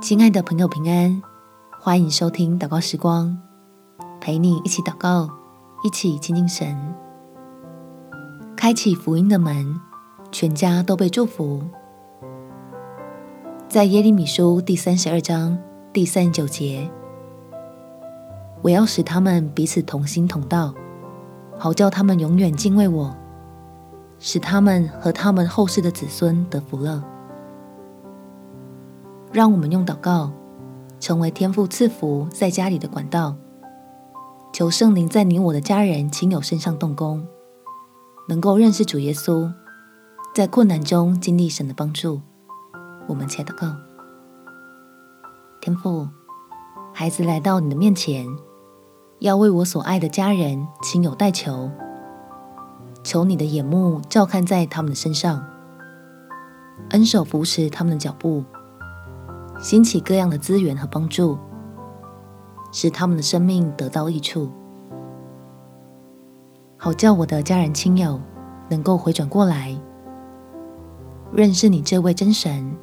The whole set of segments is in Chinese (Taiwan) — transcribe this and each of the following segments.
親愛的朋友，平安！歡迎收聽禱告時光，陪你一起禱告，一起親近神，開啟福音的門，全家都被祝福。在耶利米書第三十二章第三十九節，我要使他們彼此同心同道，好叫他們永遠敬畏我，使他們和他們後世的子孫得福樂。讓我們用禱告，成為天父賜福在家裡的管道。求聖靈在你我的家人親友身上動工，能夠認識主耶穌，在困難中經歷神的幫助。我們才禱告。天父，孩子來到你的面前，要為我所愛的家人親友代求，求你的眼目照看在他們的身上，恩手扶持他們的腳步。興起各樣的資源和幫助，使他們的生命得到益處，好叫我的家人親友能夠回轉過來，認識你這位真神，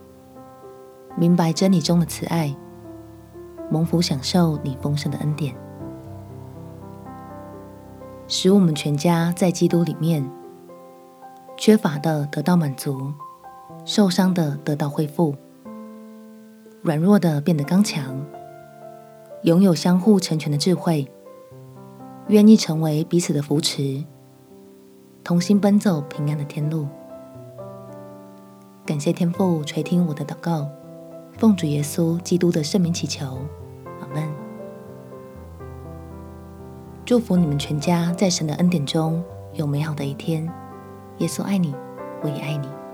明白真理中的慈愛，蒙福享受你豐盛的恩典，使我們全家在基督裡面缺乏的得到滿足，受傷的得到恢復。軟弱的變得剛強，擁有相互成全的智慧，願意成為彼此的扶持，同心奔走平安的天路。感謝天父垂聽我的禱告，奉主耶穌基督的聖名祈求，阿門。祝福你們全家在神的恩典中有美好的一天，耶穌愛你，我也愛你。